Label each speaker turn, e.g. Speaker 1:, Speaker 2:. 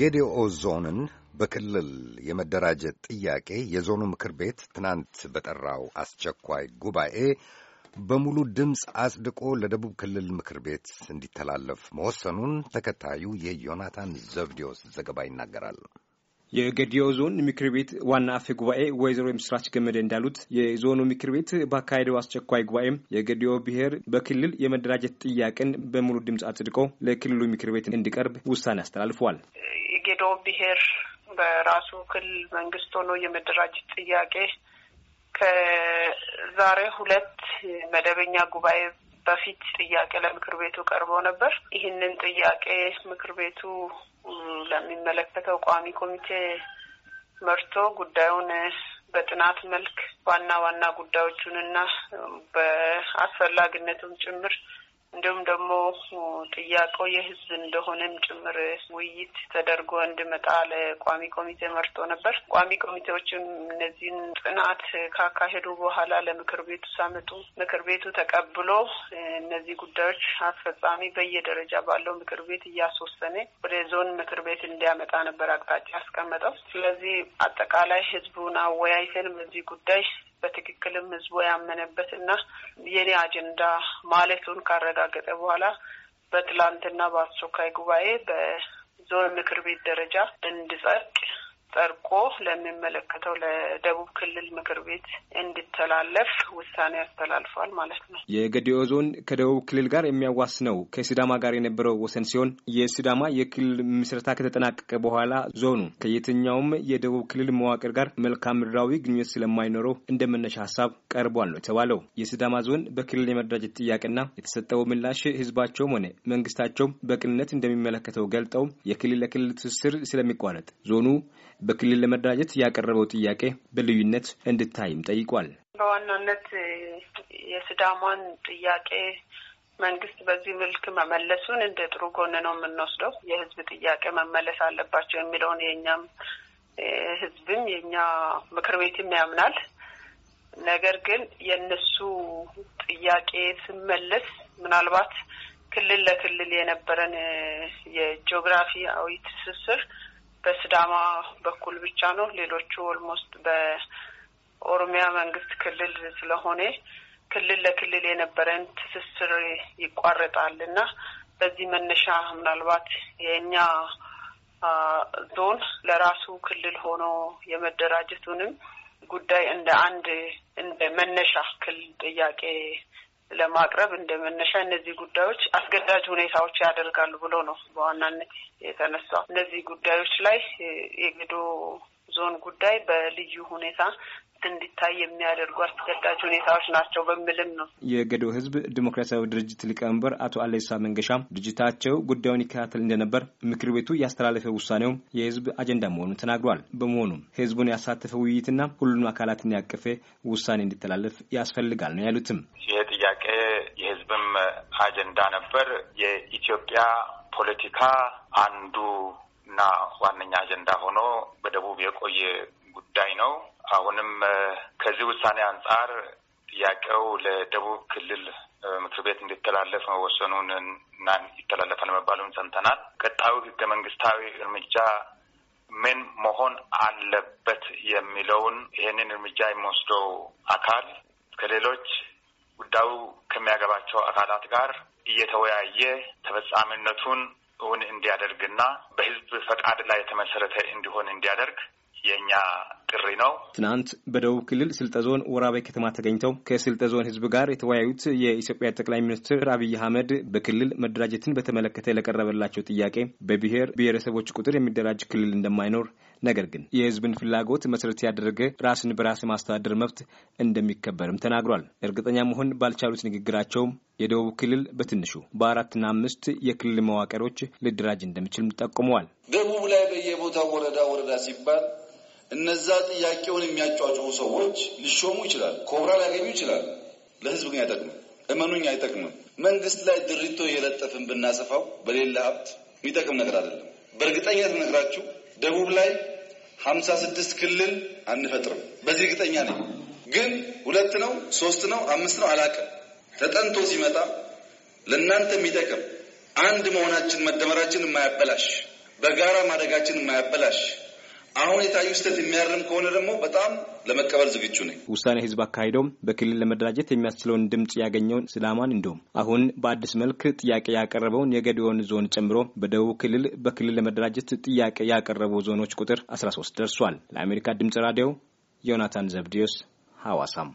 Speaker 1: የጌዲኦ ዞንን በክልል የመደራጀት ጥያቄ የዞኑ ምክር ቤት ትናንት በጠራው አስቸኳይ ጉባኤ በሙሉ ድምፅ አጽድቆ ለደቡብ ክልል ምክር ቤት እንዲተላለፍ መወሰኑን ተከታዩ የዮናታን ዘብዲዮስ ዘገባ ይናገራል።
Speaker 2: የገዲዮ ዞን ምክር ቤት ዋና አፈ ጉባኤ ወይዘሮ የምስራች ገመደ እንዳሉት የዞኑ ምክር ቤት ባካሄደው አስቸኳይ ጉባኤም የገዲዮ ብሔር በክልል የመደራጀት ጥያቄን በሙሉ ድምፅ አጽድቆ ለክልሉ ምክር ቤት እንዲቀርብ ውሳኔ አስተላልፏል።
Speaker 3: የገዲዮ ብሔር በራሱ ክልል መንግስት ሆኖ የመደራጀት ጥያቄ ከዛሬ ሁለት መደበኛ ጉባኤ በፊት ጥያቄ ለምክር ቤቱ ቀርቦ ነበር። ይህንን ጥያቄ ምክር ቤቱ ለሚመለከተው ቋሚ ኮሚቴ መርቶ ጉዳዩን በጥናት መልክ ዋና ዋና ጉዳዮቹንና በአስፈላጊነቱም ጭምር እንዲሁም ደግሞ ጥያቄው የህዝብ እንደሆነም ጭምር ውይይት ተደርጎ እንድመጣ ለቋሚ ኮሚቴ መርጦ ነበር። ቋሚ ኮሚቴዎችም እነዚህን ጥናት ካካሄዱ በኋላ ለምክር ቤቱ ሳመጡ ምክር ቤቱ ተቀብሎ እነዚህ ጉዳዮች አስፈጻሚ በየደረጃ ባለው ምክር ቤት እያስወሰነ ወደ ዞን ምክር ቤት እንዲያመጣ ነበር አቅጣጫ ያስቀመጠው። ስለዚህ አጠቃላይ ህዝቡን አወያይተን በዚህ ጉዳይ በትክክልም ህዝቡ ያመነበት እና የኔ አጀንዳ ማለቱን ካረጋገጠ በኋላ በትላንትና በአስቸኳይ ጉባኤ በዞን ምክር ቤት ደረጃ እንድጸድቅ ጠርቆ ለሚመለከተው ለደቡብ ክልል ምክር ቤት እንዲተላለፍ ውሳኔ ያስተላልፏል ማለት ነው።
Speaker 2: የገዲኦ ዞን ከደቡብ ክልል ጋር የሚያዋስነው ከሲዳማ ጋር የነበረው ወሰን ሲሆን የሲዳማ የክልል ምስረታ ከተጠናቀቀ በኋላ ዞኑ ከየትኛውም የደቡብ ክልል መዋቅር ጋር መልካም ምድራዊ ግንኙነት ስለማይኖረው እንደ መነሻ ሀሳብ ቀርቧል ነው የተባለው። የሲዳማ ዞን በክልል የመደራጀት ጥያቄና የተሰጠው ምላሽ ህዝባቸውም ሆነ መንግስታቸውም በቅንነት እንደሚመለከተው ገልጠው የክልል ለክልል ትስስር ስለሚቋረጥ ዞኑ በክልል ለመደራጀት ያቀረበው ጥያቄ በልዩነት እንድታይም ጠይቋል።
Speaker 3: በዋናነት የስዳሟን ጥያቄ መንግስት በዚህ መልክ መመለሱን እንደ ጥሩ ጎን ነው የምንወስደው። የህዝብ ጥያቄ መመለስ አለባቸው የሚለውን የእኛም ህዝብም የእኛ ምክር ቤትም ያምናል። ነገር ግን የእነሱ ጥያቄ ስመለስ ምናልባት ክልል ለክልል የነበረን የጂኦግራፊያዊ ትስስር በስዳማ በኩል ብቻ ነው። ሌሎቹ ኦልሞስት በኦሮሚያ መንግስት ክልል ስለሆነ ክልል ለክልል የነበረን ትስስር ይቋረጣል እና በዚህ መነሻ ምናልባት የእኛ ዞን ለራሱ ክልል ሆኖ የመደራጀቱንም ጉዳይ እንደ አንድ እንደ መነሻ ክልል ጥያቄ ለማቅረብ እንደ መነሻ እነዚህ ጉዳዮች አስገዳጅ ሁኔታዎች ያደርጋሉ ብሎ ነው በዋናነት የተነሳው። እነዚህ ጉዳዮች ላይ የግዶ ዞን ጉዳይ በልዩ ሁኔታ እንዲታይ የሚያደርጉ አስገዳጅ ሁኔታዎች ናቸው በሚልም ነው።
Speaker 2: የገዶ ሕዝብ ዲሞክራሲያዊ ድርጅት ሊቀመንበር አቶ አለይሳ መንገሻ ድርጅታቸው ጉዳዩን ይከታተል እንደነበር ምክር ቤቱ ያስተላለፈ ውሳኔውም የሕዝብ አጀንዳ መሆኑን ተናግሯል። በመሆኑም ሕዝቡን ያሳተፈ ውይይትና ሁሉንም አካላትን ያቀፈ ውሳኔ እንዲተላለፍ ያስፈልጋል ነው ያሉትም።
Speaker 1: የህዝብም አጀንዳ ነበር። የኢትዮጵያ ፖለቲካ አንዱ እና ዋነኛ አጀንዳ ሆኖ በደቡብ የቆየ ጉዳይ ነው። አሁንም ከዚህ ውሳኔ አንጻር ጥያቄው ለደቡብ ክልል ምክር ቤት እንዲተላለፍ መወሰኑን እና ይተላለፋል መባሉን ሰምተናል። ቀጣዩ ህገ መንግስታዊ እርምጃ ምን መሆን አለበት የሚለውን ይህንን እርምጃ የሚወስደው አካል ከሌሎች ጉዳዩ ከሚያገባቸው አካላት ጋር እየተወያየ ተፈጻሚነቱን እውን እንዲያደርግና በህዝብ ፈቃድ ላይ የተመሰረተ እንዲሆን እንዲያደርግ የእኛ ጥሪ ነው።
Speaker 2: ትናንት በደቡብ ክልል ስልጠ ዞን ወራቤ ከተማ ተገኝተው ከስልጠ ዞን ህዝብ ጋር የተወያዩት የኢትዮጵያ ጠቅላይ ሚኒስትር አብይ አህመድ በክልል መደራጀትን በተመለከተ ለቀረበላቸው ጥያቄ በብሔር ብሔረሰቦች ቁጥር የሚደራጅ ክልል እንደማይኖር ነገር ግን የህዝብን ፍላጎት መሰረት ያደረገ ራስን በራስ የማስተዳደር መብት እንደሚከበርም ተናግሯል። እርግጠኛ መሆን ባልቻሉት ንግግራቸውም የደቡብ ክልል በትንሹ በአራትና አምስት የክልል መዋቅሮች ሊደራጅ እንደሚችልም ጠቁመዋል።
Speaker 1: ደቡብ ላይ በየቦታው ወረዳ ወረዳ ሲባል እነዛ ጥያቄውን የሚያጫጭሩ ሰዎች ሊሾሙ ይችላል፣ ኮብራ ሊያገኙ ይችላል። ለህዝብ ግን አይጠቅምም። እመኑኝ አይጠቅምም። መንግስት ላይ ድሪቶ የለጠፍን ብናሰፋው በሌላ ሀብት የሚጠቅም ነገር አይደለም። በእርግጠኛ ትነግራችሁ ደቡብ ላይ ሀምሳ ስድስት ክልል አንፈጥርም። በዚህ እርግጠኛ ነኝ። ግን ሁለት ነው ሶስት ነው አምስት ነው አላውቅም። ተጠንቶ ሲመጣ ለእናንተ የሚጠቅም አንድ መሆናችን መደመራችን የማያበላሽ በጋራ ማደጋችን የማያበላሽ አሁን የታዩ ስህተት የሚያርም ከሆነ ደግሞ በጣም ለመቀበል
Speaker 2: ዝግጁ ነኝ። ውሳኔ ህዝብ አካሂደውም በክልል ለመደራጀት የሚያስችለውን ድምፅ ያገኘውን ስላማን እንዲሁም አሁን በአዲስ መልክ ጥያቄ ያቀረበውን የገዲዮን ዞን ጨምሮ በደቡብ ክልል በክልል ለመደራጀት ጥያቄ ያቀረቡ ዞኖች ቁጥር 13 ደርሷል። ለአሜሪካ ድምፅ ራዲዮ ዮናታን ዘብዲዮስ ሐዋሳም